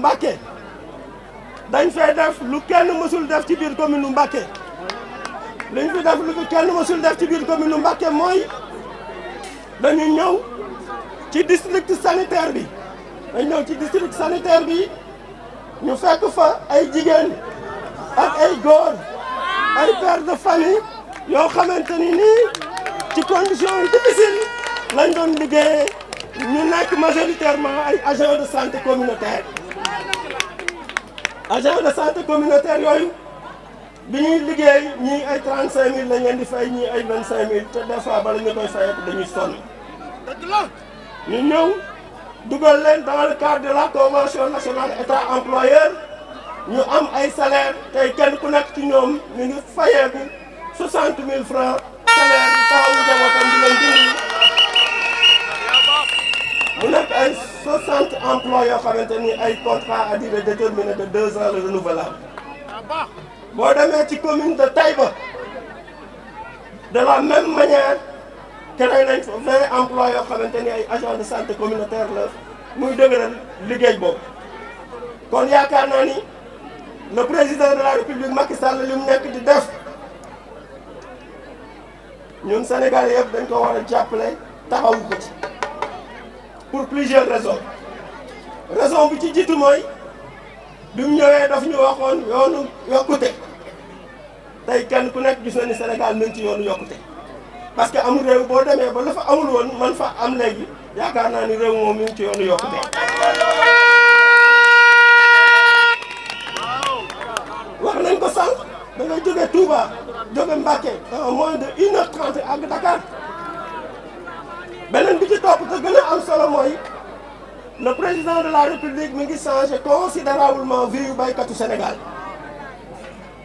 Mbacké dañ fay def lu kenn mësul def ci biir commune u Mbacké liñ fi def lu kenn mësul def ci biir commune u Mbacké mooy dañu ñëw ci district sanitaire bi dañ ñëw ci district sanitaire bi ñu fekk fa ay jigéen ak ay góor ay père de famille yoo xamante ni nii ci condition yu difficile lañ doon liggéeyee ñu nekk majoritairement ay agents de santé communautaire agent de santé communautaire yooyu bi ñuy liggéey ñii ay 35000 lañ leen di fay ñii ay 25000 te des fois bala ñu koy fayat dañuy sonn ñu ñëw dugal leen dans le cadre de la convention nationale état employeur ñu am ay salaire tey kenn ku nekk ci ñoom ñu ngi fayeeku 60000 francs salaire bi taxawu njabootam emploi yoo xamante ni ay contrat à durée déterminée de deux ans la renouvelable boo demee ci commune de Taïba de la même manière créé nañ fa vingt emplois yoo xamante ni ay agents de santé communautaire la muy dëgëral liggéey boobu kon yaakaar naa ni le président de la république Macky Sall li mu nekk di def ñun Sénégal yëpp dañ ko war a jàppale taxawu ko ci pour plusieurs raisons raison bi ci jiitu mooy bi mu ñëwee daf ñu waxoon yoonu yokkute tey kenn ku nekk gis na ni Sénégal mi ngi ci yoonu yokkute parce que amul réew boo demee ba la fa amul woon man fa am léegi yaakaar naa ni réew moom mi ngi ci yoonu yokkute wax nañ ko sànq da ngay jóge Touba jóge Mbacké en moins de une heure trente ak Dakar beneen bi ci topp te gën a am solo mooy le président de la république mi ngi changé considérablement vie yu baykatu Sénégal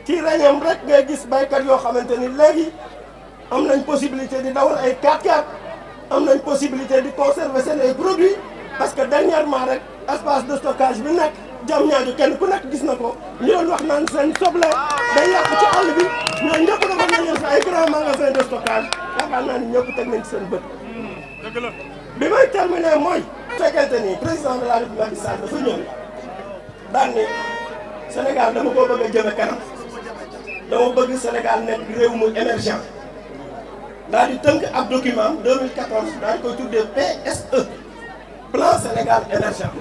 kii reñam rek ngay gis baykat yoo xamante ni léegi am nañ possibilité di dawal ay 4 x am nañ possibilité di conserver seen ay produits parce que dernièrement rek espace de stockage bi nekk jam ñaaju kenn ku nekk gis na ko ñu doon wax naan seen soble day yàq ci àll bi ñoo ñëpp dafa nañeen sa ay grand magasin de stockage yaakaar naa ni ñëpp teg nañ ci seen bë hmm, bi may bu fekkente ni président de la République Macky Sall dafa ñëw daan ne Sénégal dama koo bëgg a jëme kanam dama bëgg Sénégal nekk réew mu émergent daal di tënk ab document 2014 daal di koy tuddee PSE plan Sénégal émergent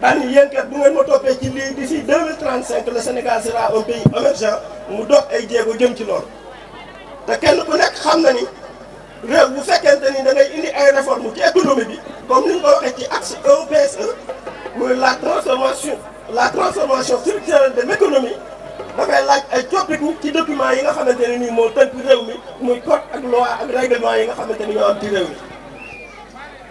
daal ni yéen kat bu ngeen ma toppee ci lii di 2035 le Sénégal sera un pays émergent mu dox ay jéego jëm ci lool te kenn ku nekk xam na ni réew bu fekkente ni da ngay indi ay réforme ci économie bi comme ni nga ko waxee ci axe EPSE muy la transformation la transformation structurelle de l'économie dafay laaj ay coppiku ci documents yi nga xamante ne nii moo tënk réew mi muy code ak loi ak règlement yi nga xamante ni ñoo am ci réew mi.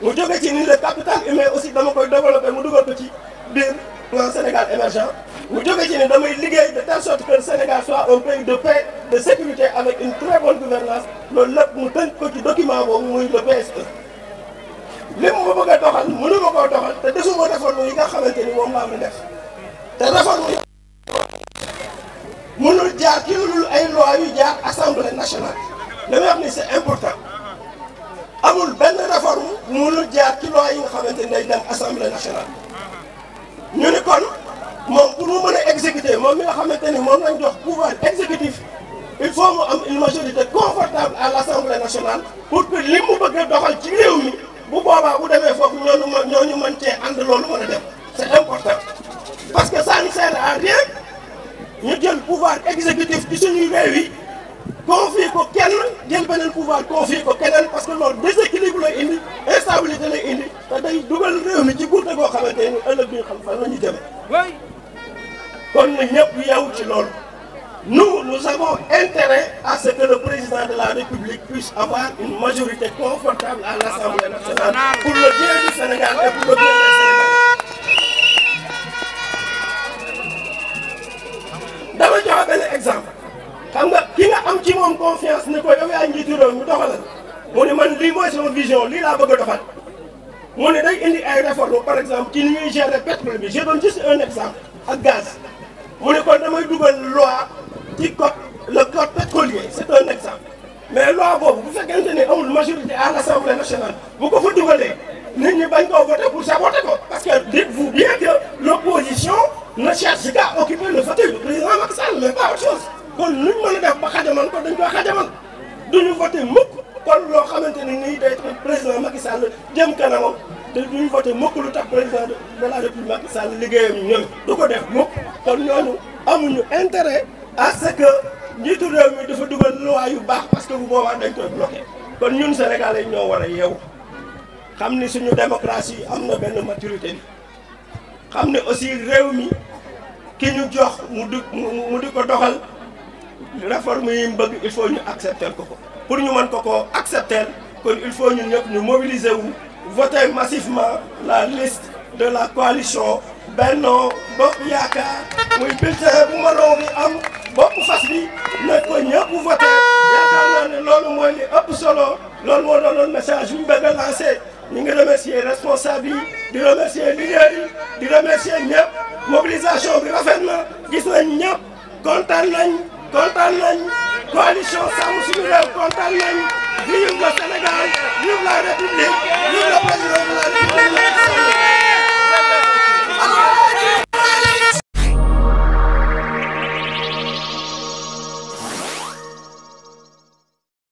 mu jóge ci ni le capital humain aussi dama koy développé mu dugal ko ci biir plan Sénégal émergent mu jóge ci ni damay liggéey de telle sorte que le Sénégal soit un pays de paix de sécurité avec une très gouvernance loolu lépp mu tënk ko ci document boobu muy li mu bëgg a doxal mënu ma koo doxal te desuma réforme yi nga xamante ni moom laa ma def te réforme yi mënul jaar ay loi yu jaar assemblée nationale li may wax ni important amul benn réforme mënul jaar ci loi yi nga xamante ni day dem assemblée nationale ñu ni kon moom pour mu mën a exécuter moom mi nga xamante ni moom lañ jox pouvoir exécutif il faut mu am une majorité confortable à l'assemblée nationale pour que li mu bëgg a doxal ci réew mi bu boobaa bu demee foofu ñooñu mën ñooñu mën cee ànd loolu mën a def c'est important parce que saa ne sert à rien ñu jël pouvoir exécutif ci suñuy réew yi confier ko kenn jël beneen pouvoir confier ko keneen président de la République puisse avoir une majorité confortable à benn exemple xam nga ki nga am ci moom confiance ne ko yow yaa njiitu réew doxalal mu ne man lii mooy sama vision lii laa bëgg a doxal mu ne day indi ay réformes par exemple ci ni ñuy gérer pétrole bi je donne juste un exemple ak gaz mu ne kon damay dugal loi ci code le code pétrolier c'est un exemple mais loi boobu bu fekkente ni amul majorité à l' assemblée nationale bu ko fa dugalee nit ñi bañ koo voté pour saboter ko parce que dites-vous bien que l' opposition ne cherche qu'à occuper le fauteuil du président Macky Sall mais pas autre chose kon luñ mën a def ba xajaman ko dañ koy xajaman duñu voté mukk kon loo xamante ni nii day tax président Macky Sall jëm kanamam te duñu voté mukk lu tax président de la République Macky Sall liggéeyam ñoom du ko def mukk kon ñooñu amuñu intérêt à ce que njiitu réew mi dafa dugal loi yu baax parce que bu boobaa dañ koy bloqué kon ñun sénégalais ñoo war a yeewu xam ni suñu démocratie am na benn maturité bi xam ne aussi réew mi ki ñu jox mu di mu di ko doxal réforme yi mu bëgg il faut ñu accepter ko ko pour ñu mën ko ko accepter kon il faut ñu ñëpp ñu mobiliser wu voter massivement la liste de la coalition Benno Bokk Yaakaar muy bulletin bu ma romb am bopp fas bi na ko ñëpp voté yaakaar naa loolu mooy li ëpp solo loolu moo doonoon message bu ñu bëgg a lancé ñu ngi remercier responsable yi di remercier leader yi di remercier ñëpp mobilisation bi rafet na gis nañ ñëpp kontaan nañ kontaan nañ coalition sàmm suñu réew kontaan nañ vive le Sénégal vive la République